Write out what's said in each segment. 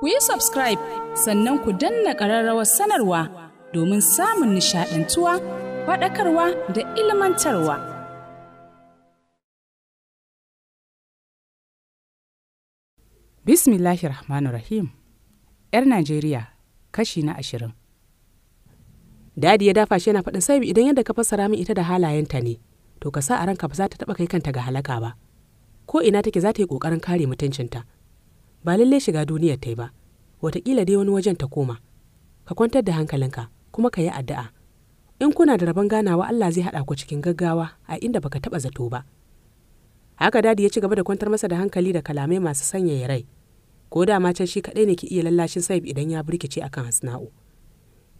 ku yi subscribe sannan ku danna ƙararrawar sanarwa domin samun nishaɗantuwa faɗakarwa da ilmantarwa. Bismillahir Rahmanir Rahim, ‘yar Najeriya, kashi na ashirin. Dadi ya dafa shi yana faɗin sai idan yadda ka fassara min ita da halayenta ne, to ka sa a ranka ba za ta taɓa kai kanta ga halaka ba. Ko ina take za ta yi ƙoƙarin kare mutuncinta. ba lalle shiga duniyar ta yi ba watakila dai wani wajen ta koma ka kwantar da hankalinka kuma ka yi addu'a in kuna da rabon ganawa Allah zai haɗa ku cikin gaggawa a inda baka taɓa zato ba haka dadi ya ci gaba da kwantar masa da hankali da kalamai masu sanyaya rai ko da ma can shi kaɗai ne ki iya lallashin saib idan ya birkice kan hasna'u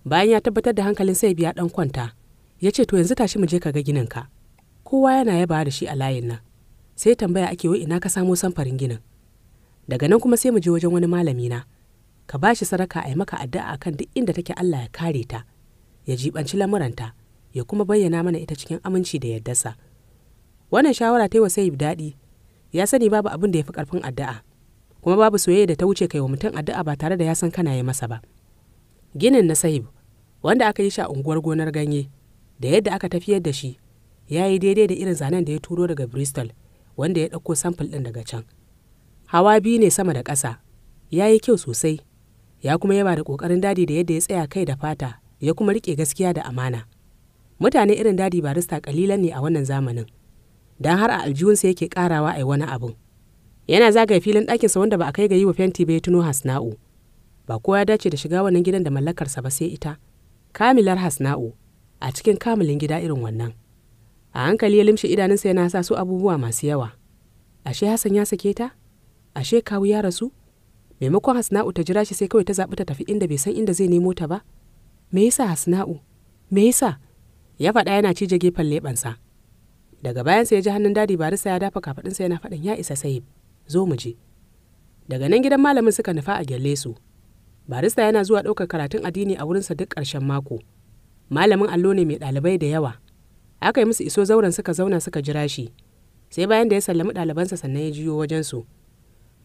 bayan ya tabbatar da hankalin saib ya ɗan kwanta ya ce to yanzu tashi mu je ka ga ginin ka kowa yana yaba da shi a layin nan sai tambaya ake wai ina ka samo samfarin ginin daga nan kuma sai mu je wajen wani malami na ka ba shi saraka a yi maka addu'a kan duk inda take Allah ya kare ta ya jibanci lamuranta ya kuma bayyana mana ita cikin aminci da sa wannan shawara ta yi wa sayib daɗi ya sani babu abin da ya fi ƙarfin addu'a kuma babu soyayya da ta wuce kai wa mutum addu'a ba tare da ya san kana yi masa ba ginin na sahib wanda aka yi shi a unguwar gonar ganye da yadda aka tafiyar da shi ya yi daidai da irin zanen da ya turo daga bristol wanda ya ɗauko samfur ɗin daga can hawa biyu ne sama da ƙasa ya yi kyau sosai ya kuma yaba da ƙoƙarin dadi da yadda ya tsaya kai da fata ya kuma riƙe gaskiya da amana mutane irin dadi barista ƙalilan ne a wannan zamanin don har a aljihunsa yake ƙarawa a wani abun yana zagaya filin ɗakinsa wanda ba a kai ga yi wa fenti ba ya tuno hasna'u ba kowa ya dace da shiga wannan gidan da mallakarsa ba sai ita kamilar hasna'u a cikin kamilin gida irin wannan a hankali ya limshe idanunsa yana sa su abubuwa masu yawa ashe hassan ya sake ta ashe kawu ya rasu maimakon hasna'u ta jira shi sai kawai ta zaɓi ta tafi inda bai san inda zai nemo ta ba me yasa hasna'u me yasa ya faɗa yana cije gefen leɓensa daga bayan bayansa ya ji hannun dadi barisa ya dafa kafaɗinsa yana faɗin ya isa sayib zo mu je daga nan gidan malamin suka nufa a gyalle su barisa yana zuwa ɗaukar karatun addini a wurinsa duk ƙarshen mako malamin allo ne mai ɗalibai da yawa aka yi musu iso zauren suka zauna suka jira shi sai bayan da ya sallami ɗalibansa sannan ya jiyo wajensu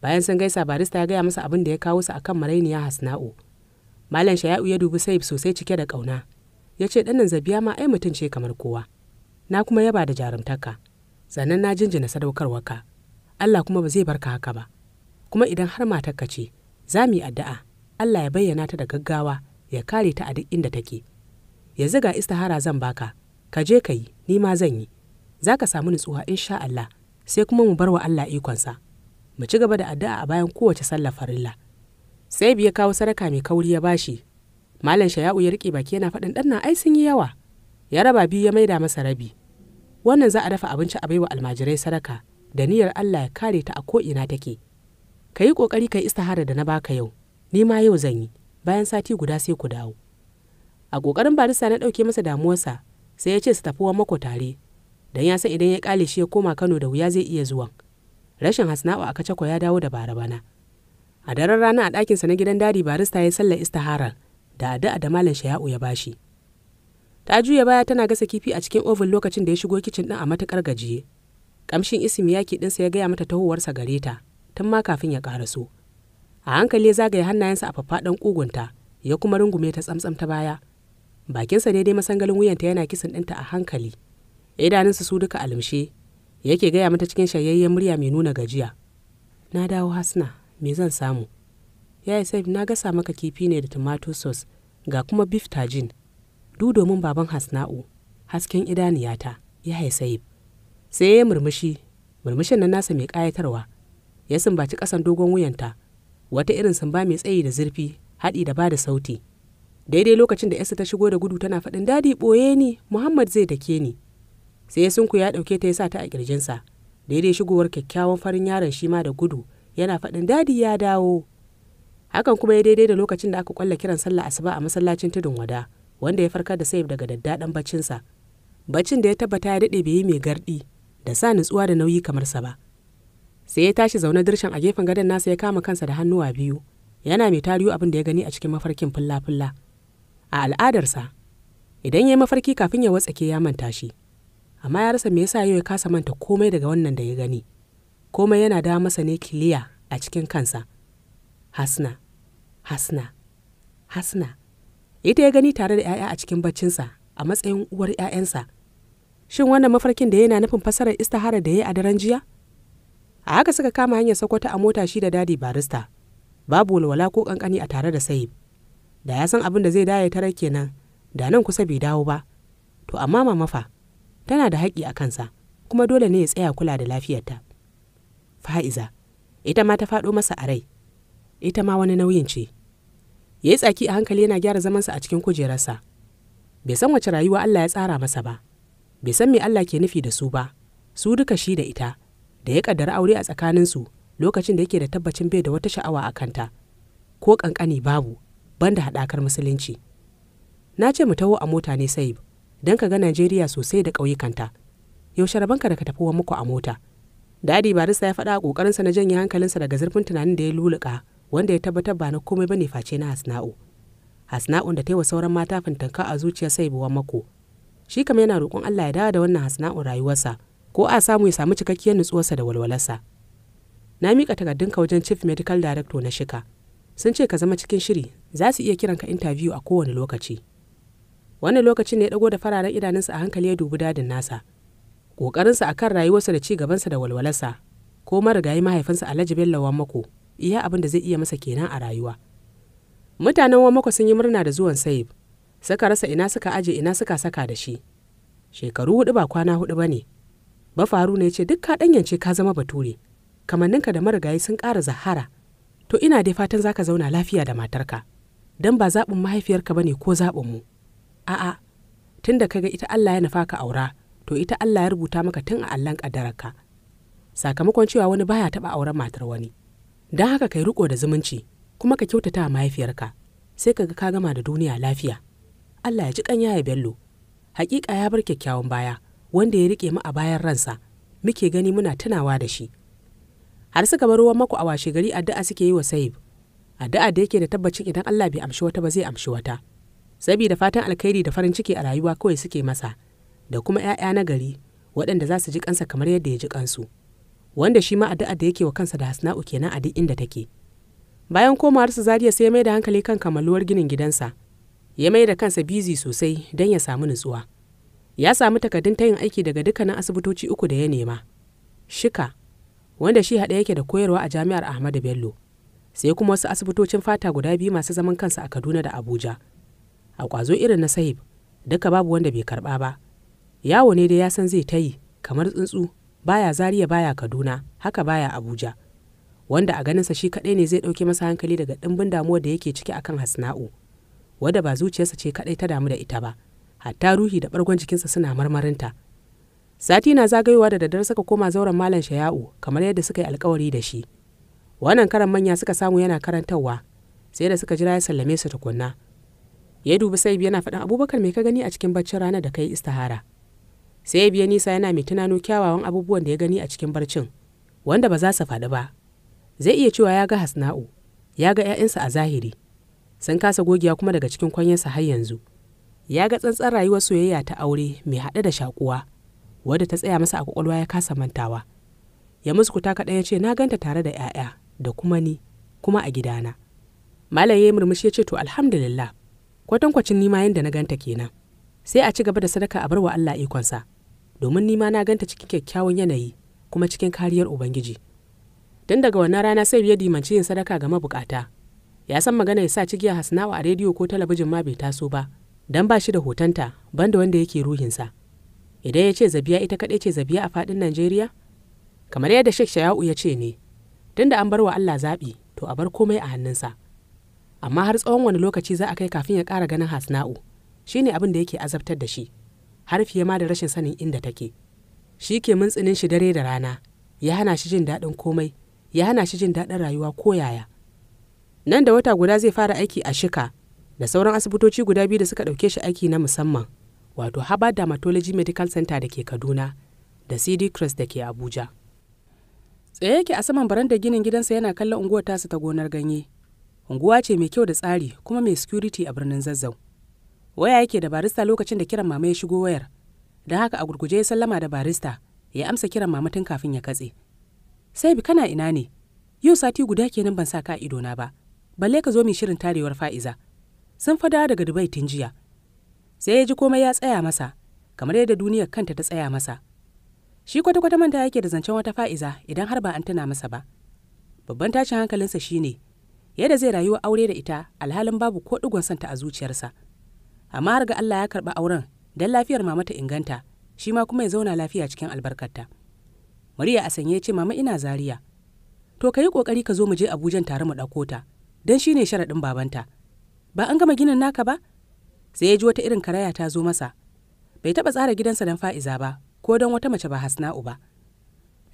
bayan sun gaisa barista ya gaya masa abin da ya kawo su akan marainiya hasna'u malam shaya'u ya dubi saif sosai cike da ƙauna ya ce ɗannan zabiya ma ai mutum ce kamar kowa na kuma yaba da jarumtaka sannan na jinjina sadaukarwarka Allah kuma ba zai barka haka ba kuma idan har matarka ce za mu yi addu'a Allah ya bayyana ta da gaggawa ya kare ta a duk inda take ya ziga istihara zan baka ka je ka yi ni ma zan yi za ka samu nutsuwa insha Allah sai kuma mu bar wa Allah ikonsa mu ci gaba da addu'a a bayan kowace sallar farilla sai biya kawo sadaka mai kauri ya bashi malam shaya'u ya rike baki yana faɗin ɗan ai sun yi yawa ya raba biyu ya maida masa rabi wannan za a dafa abinci a baiwa almajirai sadaka da niyyar Allah ya kare ta a ko ina take ka yi ƙoƙari ka yi istihara da na baka yau ni ma yau zan yi bayan sati guda sai ku dawo a ƙoƙarin barisa na dauke masa damuwarsa sai ya ce su tafi wa mako tare dan ya san idan ya kale shi ya koma Kano da wuya zai iya zuwa rashin hasna'u a kacako ya dawo da bara bana a daren rana a ɗakinsa na gidan dadi barista ya sallar istaharar da addu'a da malam shaya'u ya bashi ta juya baya tana gasa kifi a cikin ovin lokacin da ya shigo kicin din a matukar gajiye kamshin isim yaki ɗinsa ya gaya mata tahowarsa gare ta tun ma kafin ya karaso a hankali ya zagaye hannayensa a faffaɗan ƙugunta ya kuma rungume ta tsamtsam ta baya bakinsa daidai masangalin wuyanta yana kisan ɗinta a hankali idanunsa su duka almshe yake gaya mata cikin shayayyen murya mai nuna gajiya na dawo hasna me zan samu ya yi na gasa maka kifi ne da tomato sauce ga kuma beef tajin du domin baban hasna'u hasken idaniyata ya haisaib sai ya murmushi murmushin na nasa mai ƙayatarwa ya sumbaci ƙasan dogon wuyanta wata irin sumba mai tsayi da zurfi haɗi da ba da sauti daidai lokacin da yasa ta shigo da gudu tana faɗin dadi ɓoye ni muhammad zai dake ni sai ya sunku ya ɗauke ta ya sa ta a ƙirjinsa daidai shigowar kyakkyawan farin yaron shi ma da gudu yana faɗin dadi ya dawo hakan kuma ya daidai da lokacin da aka kwalla kiran sallah asuba a masallacin tudun wada wanda ya farkar da sayif daga daddaɗan baccinsa baccin da ya tabbata ya daɗe bai yi mai garɗi da sa nutsuwa da nauyi kamar sa ba sai ya tashi zaune dirshan a gefen gadon nasa ya kama kansa da hannuwa biyu yana mai tariyo abin da ya gani a cikin mafarkin fulla-fulla a al'adarsa idan ya yi mafarki kafin ya watsake ya manta shi amma ya rasa me yasa yau ya kasa manta komai daga wannan da ya gani komai yana dawo masa ne kiliya a cikin kansa hasna hasna hasna ita ya gani tare da 'ya'ya a cikin baccinsa a matsayin uwar 'ya'yansa shin wannan mafarkin da yana nufin fasarar istihara da ya yi a daren jiya a haka suka kama hanyar sakwata a mota shi da dadi barista babu walwala ko kankani a tare da sayib da ya san abin da zai daya tarar kenan da nan kusa bai dawo ba to amma mama fa tana da haƙƙi a kansa kuma dole ne ya tsaya kula da lafiyarta fa'iza ita ma ta faɗo masa a rai ita ma wani nauyin ce ya yi tsaki a hankali yana gyara zamansa a cikin kujerarsa bai san wace rayuwa Allah ya tsara masa ba bai san me Allah ke nufi da su ba su duka shi da ita da ya kaddara aure a tsakaninsu lokacin da yake da tabbacin bai da wata sha'awa a kanta ko kankani babu banda haɗakar musulunci na ce mu taho a mota ne sai don ka ga Najeriya sosai da ƙauyukanta. Yaushe rabanka da ka tafi wa muku a mota. Dadi barista ya faɗa a ƙoƙarinsa na janye hankalinsa daga zurfin tunanin da ya luluka wanda ya tabbatar ba na komai ne face na Hasna'u. Hasna'un da ta yi wa sauran mata fintanka a zuciya sai buwa mako. Shi kama yana roƙon Allah ya dawo da wannan Hasna'un rayuwarsa ko a samu ya samu cikakkiyar nutsuwarsa da walwalarsa. Na miƙa takardunka wajen Chief Medical Director na Shika. Sun ce ka zama cikin shiri, za su iya kiranka interview a kowane lokaci. wani lokacin ne ya dago da fararen idanunsa a hankali ya dubi dadin nasa a akan rayuwarsa da ci gabansa da walwalarsa ko marigayi mahaifinsa alhaji bello mako. iya abin da zai iya masa kenan a rayuwa mutanen mako sun yi murna da zuwan sayib suka rasa ina suka aje ina suka saka da shi shekaru hudu ba kwana hudu ba ne bafaru ne ya ce duk ka danyance ka zama bature kamanninka da marigayi sun ƙara zahara to ina dai fatan zaka zauna lafiya da matarka don ba zaɓin mahaifiyarka ba ne ko zaɓin mu a'a tun da kaga ita Allah ya nufa ka aura to ita Allah ya rubuta maka tun a Allahn ƙaddararka sakamakon cewa wani baya taɓa auren matar wani don haka kai riko da zumunci kuma ka kyautata a mahaifiyarka sai kaga ka gama da duniya lafiya Allah ya ji kan yaya bello hakika ya bar kyakkyawan baya wanda ya rike mu a bayan ransa muke gani muna tunawa da shi har suka bar ruwan mako a washe gari addu'a suke yi wa Saib addu'a da yake da tabbacin idan Allah bai amshi wata ba zai amshi wata saboda fatan alkhairi da farin ciki a rayuwa kawai suke masa da kuma 'ya'ya na gari waɗanda za su ji kansa kamar yadda ya ji kansu wanda shi ma addu'a da yake wa kansa da hasna'u kenan a duk inda take bayan komawar su zariya sai ya mai da hankali kan kammaluwar ginin gidansa ya mai da kansa bizi sosai don ya samu nutsuwa ya samu takardun tayin aiki daga dukkanin asibitoci uku da ya nema shika wanda shi haɗe yake da koyarwa a jami'ar ahmadu bello sai kuma wasu asibitocin fata guda biyu masu zaman kansa a kaduna da abuja a ƙwazo irin na sahib duka babu wanda bai karɓa ba yawo ne dai ya san zai ta yi kamar tsuntsu baya zariya baya kaduna haka baya abuja wanda a ganinsa shi kaɗai ne zai ɗauke masa hankali daga ɗimbin damuwar da yake ciki akan hasna'u wadda ba zuciyarsa ce kaɗai ta damu da ita ba hatta ruhi da ɓargon sa suna marmarinta sati na zagayowa da daddare suka koma zauren malam shaya'u kamar yadda suka yi alkawari da shi wannan karan manya suka samu yana karantarwa sai da suka jira ya sallame su tukunna ya dubi sai yana faɗin abubakar me ka gani a cikin barcin rana da kai istahara. sai ya biya nisa yana mai tunano kyawawan abubuwan da ya gani a cikin barcin wanda ba za su faɗi ba zai iya cewa ya ga hasna'u ya ga 'ya'yansa a zahiri sun kasa gogiya kuma daga cikin kwanyarsa har yanzu ya ga tsantsan rayuwar soyayya ta aure mai haɗe da shakuwa wadda ta tsaya masa a kwakwalwa ya kasa mantawa ya muskuta kaɗan ya ce na ganta tare da 'ya'ya da kuma ni kuma a gidana malam ya yi murmushi ya ce to alhamdulillah kwatankwacin nima yadda na ganta kenan sai a ci gaba da sadaka a barwa Allah ikonsa domin nima na ganta cikin kyakkyawan yanayi kuma cikin kariyar ubangiji don daga wannan rana sai biya dimanci yin sadaka ga mabukata ya san magana ya sa cigiya hasnawa a rediyo ko talabijin ma bai taso ba dan ba shi da hotonta banda wanda yake ruhinsa idan ya ce zabiya ita kaɗai ce zabiya a faɗin najeriya kamar yadda sheikh shayau ya ce ne tunda an bar wa allah zaɓi to a bar komai a hannunsa amma har tsawon wani lokaci za a kai kafin ya ƙara ganin hasna'u ne abin da yake azabtar da shi har fiye ma da rashin sanin inda take shi ke mintsinin shi dare da rana ya hana shi jin daɗin komai ya hana shi jin daɗin rayuwa ko yaya nan da wata guda zai fara aiki a shika da sauran asibitoci guda biyu da suka ɗauke shi aiki na musamman wato Harvard Dermatology Medical Center da ke Kaduna da CD Cross da ke Abuja. Tsaye yake a saman barandar ginin gidansa yana kallon unguwar tasa ta gonar ganye. unguwa ce mai kyau da tsari kuma mai security a birnin zazzau waya yake da barista lokacin da kiran mama ya shigo wayar don haka a gurguje ya sallama da barista ya amsa kiran mama tun kafin ya katse sai bi kana ina ne yau sati guda kenan ban sa ka ido na ba balle ka zo mai shirin tarewar fa'iza sun fada daga dubai tun jiya sai ya ji komai ya tsaya masa kamar yadda duniyar kanta ta tsaya masa shi kwata-kwata manta yake da zancen wata fa'iza idan har ba an tuna masa ba babban tashin hankalinsa shine yadda zai rayuwa aure da ita alhalin babu ko digon santa a zuciyarsa amma har ga Allah ya karɓi auren dan lafiyar mama ta inganta shi ma kuma ya zauna lafiya cikin albarkarta Mariya a sanye ce mama ina Zariya. to ka yi kokari ka zo mu je Abuja tare mu ɗauko ta don shine sharaɗin babanta ba an gama ginin naka ba sai ya ji wata irin karaya ta zo masa bai taɓa tsara gidansa don fa'iza ba ko don wata mace ba hasna'u ba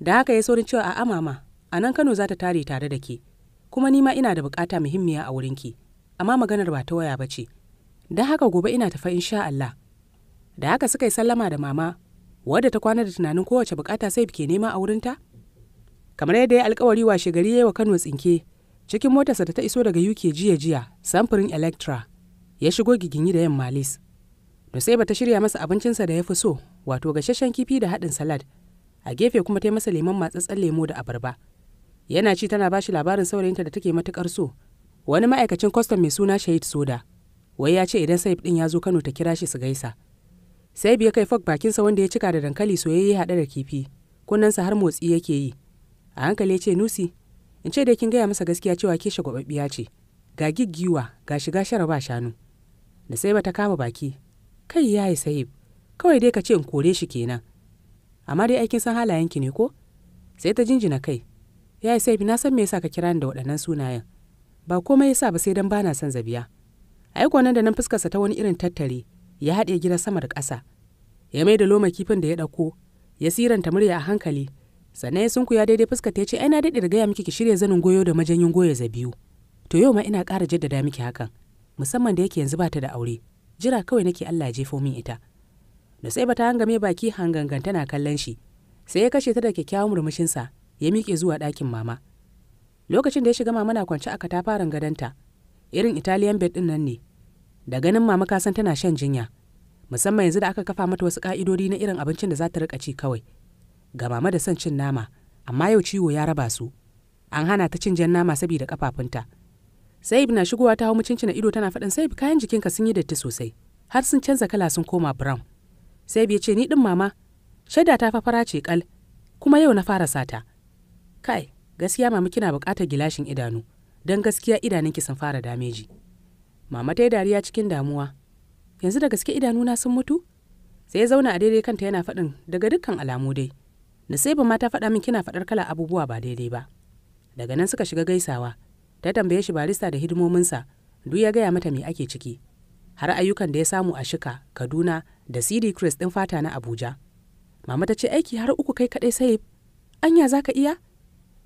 da haka ya saurin cewa a mama a nan Kano za ta tare tare da ke kuma ni ma ina da bukata muhimmiya a wurinki amma maganar ba ta waya ba ce don haka gobe ina tafa insha Allah da haka suka yi sallama da mama wadda ta kwana da tunanin kowace bukata sai ke nema a wurinta kamar yadda ya alkawari washe gari yayi wa Kano tsinke cikin motarsa da ta iso daga UK jiya jiya samfurin Electra ya shigo giginyi da yamma Lis ba ta shirya masa abincinsa da ya fi so wato gasasshen kifi da haɗin salad a gefe kuma ta yi masa lemon matsatsen lemo da abarba. yana ci tana bashi labarin saurayinta da take matukar so wani ma'aikacin kwastam mai suna shahid soda wai ya ce idan saif din ya zo kano ta kira shi su gaisa sai biya kai fok bakinsa wanda ya cika da dankali soyayye haɗe da kifi kunnensa har motsi yake yi a hankali ya ce nusi in ce da kin gaya masa gaskiya cewa ke gwababbiya ce ga giggiwa ga shiga shara ba shanu da sai bata kama baki kai ya yi sahib kawai dai ka ce in kore shi kenan amma dai aikin san halayenki ne ko sai ta jinjina kai ya saifi na san me yasa ka kira ni da waɗannan sunayen ba komai yasa ba sai dan bana son zabiya ai nan da nan fuskarsa ta wani irin tattare ya haɗe gida sama da ƙasa ya mai da loma kifin da ya ɗauko ya siranta murya a hankali sannan ya ya daidai fuskar ta ce ai na daɗe da gaya miki ki shirya zanin goyo da majanyin goyo zabiyu to yau ma ina ƙara jaddada miki hakan musamman da yake yanzu bata da aure jira kawai nake Allah ya jefo min ita da sai bata hangame baki hangangan tana kallon shi sai ya kashe ta da kyakkyawan murmushinsa ya miƙe zuwa ɗakin mama lokacin da ya shiga mama na kwance a katafaren gadonta irin italian bed ɗin nan ne da ganin mama ka san tana shan jinya musamman yanzu da aka kafa mata wasu ka'idodi na irin abincin da za ta rika ci kawai ga mama da son cin nama amma yau ciwo ya raba su an hana ta cin jan nama saboda kafafunta saib na shigowa ta hau mucinci na ido tana faɗin saib kayan jikinka sun yi datti sosai har sun canza kala sun koma brown saib ya ce ni din mama shaida ta fafara ce kal kuma yau na fara sata kai gaskiya mama kina bukatar gilashin idanu don gaskiya idanunki sun fara dameji mama ta yi dariya cikin damuwa yanzu da gaske idanuna sun mutu sai ya zauna a daidai kanta yana faɗin daga dukkan alamu dai na sai ba ma ta faɗa min kina faɗar kala abubuwa ba daidai ba daga nan suka shiga gaisawa ta tambaye shi barista da hidimominsa duk ya gaya mata me ake ciki har ayyukan da ya samu a shika kaduna da cd chris din fata na abuja mama ta ce aiki har uku kai kaɗai sai anya za ka iya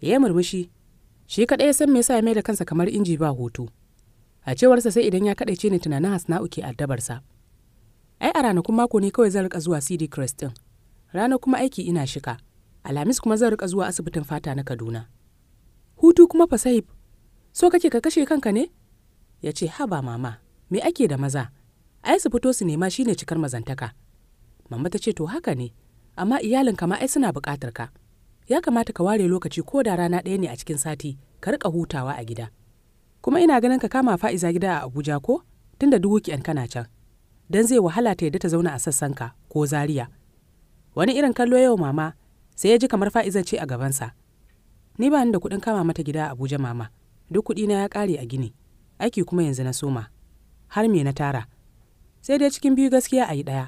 ya murmushi shi kaɗai ya san me yasa ya mai kansa kamar inji ba hoto a cewarsa sai idan ya kaɗaice ne tunanin hasna'u ke addabarsa ai a ranakun mako ne kawai zan rika zuwa cd crest din ranar kuma aiki ina shika alhamis kuma zan rika zuwa asibitin fata na kaduna hutu kuma sahib so kake ka kashe kanka ne ya ce haba mama me ake da maza ai su fito su nema shine cikar mazantaka mamma ta ce to haka ne amma iyalinka ma ai suna buƙatar ka ya kamata ka ware lokaci ko da rana ɗaya ne a cikin sati ka rika hutawa a gida kuma ina ganin ka kama fa'iza gida a abuja ko tunda duk an kana can don zai wahala ta yadda ta zauna a sassanka ko zaria wani irin kallo yau mama sai ya ji kamar fa'iza ce a gabansa ni ba ni da kuɗin kama mata gida a abuja mama duk kuɗi na ya ƙare a gini aiki kuma yanzu na soma har me na tara sai dai cikin biyu gaskiya a yi ɗaya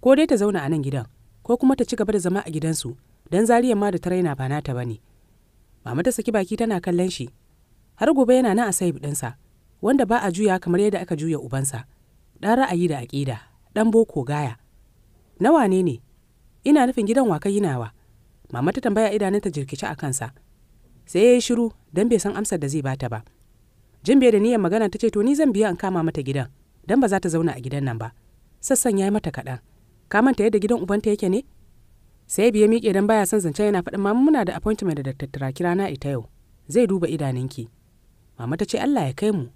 ko dai ta zauna a nan gidan ko kuma ta ci gaba da zama a gidansu don zariyar ma da ta raina ba nata ba ne mama ta saki baki tana kallon shi har gobe yana nan a saib ɗinsa wanda ba a juya kamar yadda aka juya ubansa ɗan ra'ayi da aƙida ɗan boko gaya na wane ne ina nufin gidan waka nawa? mama ta tambaya idanun ta jirkici a kansa sai ya yi shiru don bai san amsar da zai bata ba jin bai da niyyar magana ta ce to ni zan biya an kama mata gidan don ba za ta zauna a gidan nan ba sassan ya yi mata kaɗan kamanta yadda gidan ubanta yake ne sai biya miƙe don baya son zance yana faɗin mamu muna da appointment da Dr. Turaki rana ita yau zai duba idanunki mama ta ce Allah ya kai mu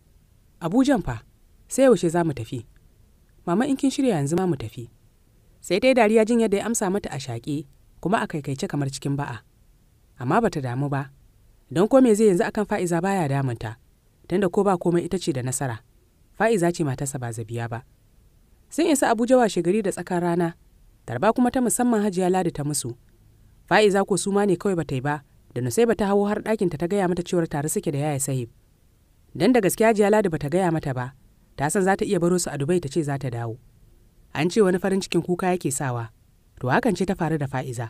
Abujan fa sai yaushe za mu tafi mama in kin shirya yanzu ma mu tafi sai dai dariya jin yadda ya amsa mata a shaƙe kuma a kaikaice kamar cikin ba'a amma bata damu ba don ko me zai yanzu akan fa'iza baya damunta tunda ko ba komai ita ce da nasara fa'iza ce matarsa ba zabiya ba sun isa abuja washe gari da tsakar rana tarba kuma ta musamman hajiya ladi ta musu fa'iza ko suma ne kawai bata yi ba da nusai bata hawo har ɗakinta ta gaya mata cewar tare suke da yaya sahib dan da gaskiya hajiya ladi bata gaya mata ba ta san za ta iya baro su a dubai ta ce za ta dawo an ce wani farin cikin kuka yake sawa to hakan ce ta faru da fa'iza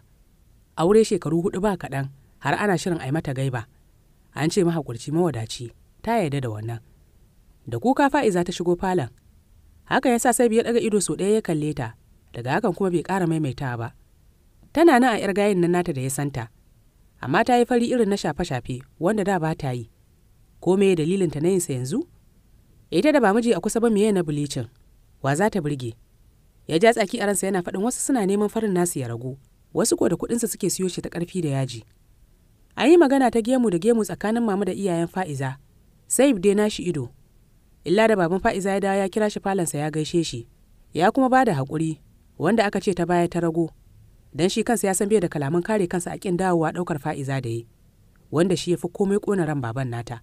aure shekaru hudu ba kaɗan har ana shirin ai mata gaiba an ce mahaƙurci mawadaci ta yarda da wannan da kuka fa'iza ta shigo falon haka ya sa sai biyar ɗaga ido so ɗaya ya kalle ta daga hakan kuma bai ƙara maimaita ba tana nan a 'yar gayin nan nata da ya santa amma ta yi fari irin na shafe-shafe wanda da ba ta yi ko me ta na yinsa yanzu ita da ba miji a kusa ba meye na bilicin wa za ta burge ya ja tsaki a ransa yana faɗin wasu suna neman farin nasu ya ragu wasu ko da kuɗinsa suke siyo shi ta ƙarfi da yaji a yi magana ta gemu da gemu tsakanin mama da iyayen fa'iza sai dai nashi ido illa da baban fa'iza ya dawo ya kira shi falansa ya gaishe shi ya kuma ba da haƙuri wanda aka ce ta baya ta rago don shi kansa ya san bai da kalaman kare kansa a kin dawowa ɗaukar fa'iza da yi wanda shi ya fi komai kona ran baban nata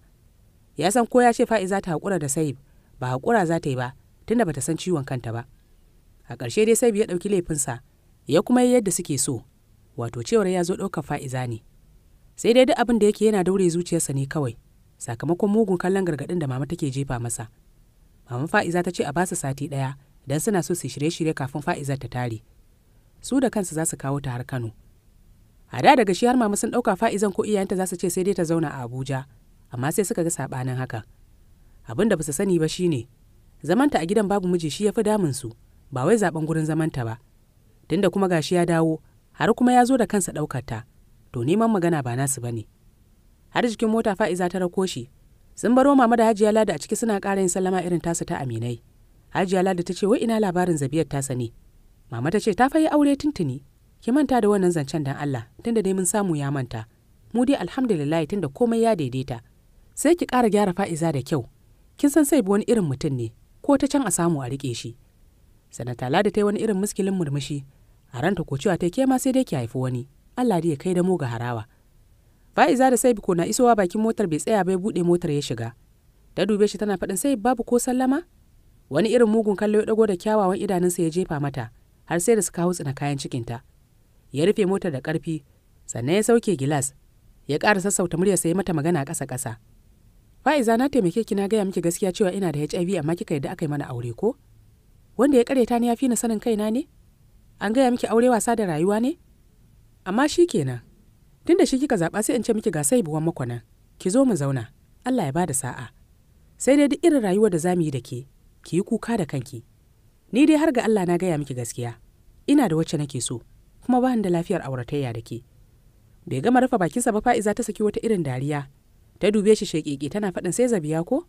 ya san ko ya ce fa'iza ta hakura da saib ba haƙura za ta yi ba tunda bata san ciwon kanta ba a ƙarshe dai saib ya ɗauki laifinsa ya kuma yi yadda suke so wato cewar ya zo ɗaukar fa'iza ne sai dai duk abin da yake yana daure zuciyarsa ne kawai sakamakon mugun kallon gargaɗin da mama take jefa masa mama fa'iza ta ce a basa sati ɗaya don suna so su shirye-shirye kafin fa'izar ta tare su da kansu za su kawo ta har kano a da daga shi har mama sun ɗauka fa'izan ko iyayenta za su ce sai dai ta zauna a abuja amma sai suka ga saɓanin haka abin da ba su sani ba shine zamanta a gidan babu miji shi ya fi damunsu ba wai zaɓen gurin zamanta ba tunda kuma gashi ya dawo har kuma ya zo da kansa ɗaukar ta to neman magana ba nasu ba ne har jikin mota fa'iza ta rako shi sun baro mama da hajiya lada a ciki suna ƙara yin sallama irin tasu ta aminai hajiya ladi ta ce wai ina labarin zabiyar tasa ne mama ta ce ta fayi aure tuntuni ki manta da wannan zancen dan Allah tunda dai mun samu ya manta mu dai alhamdulillah tunda komai ya daidaita sai ki ƙara gyara fa'iza da kyau kin san sai bi wani irin mutum ne ko ta can a samu a rike shi sanata ladi ta yi wani irin muskilin murmushi a ranta ko cewa ta ke ma sai dai ki haifi wani Allah dai ya kai da mu ga harawa fa'iza da saibi ko na isowa bakin motar bai tsaya bai buɗe motar ya shiga ta dube shi tana faɗin sai babu ko sallama wani irin mugun kallo ya dago da kyawawan idanunsa ya jefa mata har sai da suka hau tsina kayan cikinta ya rufe motar da ƙarfi sannan ya sauke gilas ya ƙara sassauta murya sai mata magana ƙasa ƙasa fa'iza na taimake ki na gaya miki gaskiya cewa ina da hiv amma kika yadda aka yi mana aure ko wanda ya karya ni ya fi ni sanin kaina ne an gaya miki aure wasa da rayuwa ne amma shi kenan tun shi kika zaɓa sai in ce miki ga sai buwan makwanan ki zo mu zauna allah ya ba da sa'a sai dai duk irin rayuwar da za mu yi da ke ki yi kuka da kanki ni dai har ga Allah na gaya miki gaskiya ina da wacce nake so kuma ba da lafiyar auratayya da ke bai gama rufe bakinsa ba fa'iza ta saki wata irin dariya ta dube shi shekeke tana faɗin sai zabiya ko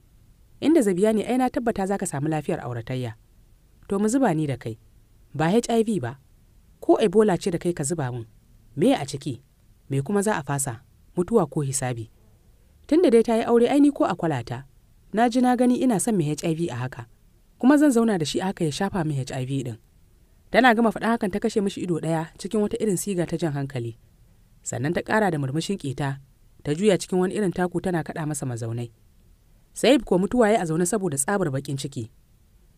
inda zabiya ne ai na tabbata za ka samu lafiyar auratayya to mu zuba ni da kai ba hiv ba ko ebola ce da kai ka zuba mun me a ciki me kuma za a fasa mutuwa ko hisabi tunda dai ta yi aure aini ko a kwalata na ji na gani ina son mai hiv a haka kuma zan zauna da shi aka ya shafa min HIV din. Tana gama faɗa hakan ta kashe mishi ido ɗaya cikin wata irin siga ta jan hankali. Sannan ta ƙara da murmushin ƙeta, ta juya cikin wani irin taku tana kaɗa masa mazaunai. Sa'ib ko mutuwa ya a zaune saboda tsabar baƙin ciki.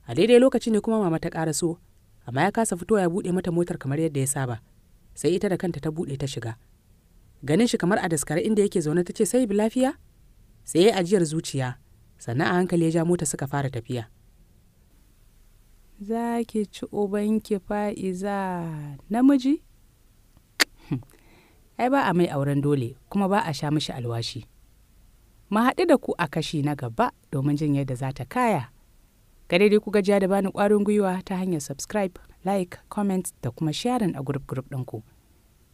A daidai lokaci ne kuma mama ta ƙara so, amma ya kasa fitowa ya buɗe mata motar kamar yadda ya saba. Sai ita da kanta ta buɗe ta shiga. Ganin shi kamar a daskare inda yake zaune ta ce Sa'ib lafiya? Sai ya ajiyar zuciya, sannan a hankali ya ja mota suka fara tafiya. za ki ci ubanki fa'iza namiji hm. ai ba a mai auren dole kuma ba a sha mishi alwashi mu haɗu da ku a kashi na gaba domin jin yadda za ta kaya ga daidai ku gajiya da bani ƙwarin gwiwa ta hanyar subscribe like comment da kuma sharing a group group ɗinku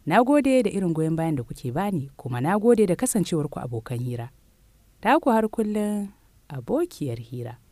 na gode da irin goyon bayan da kuke bani kuma na gode da kasancewarku abokan hira ta ku har kullum abokiyar hira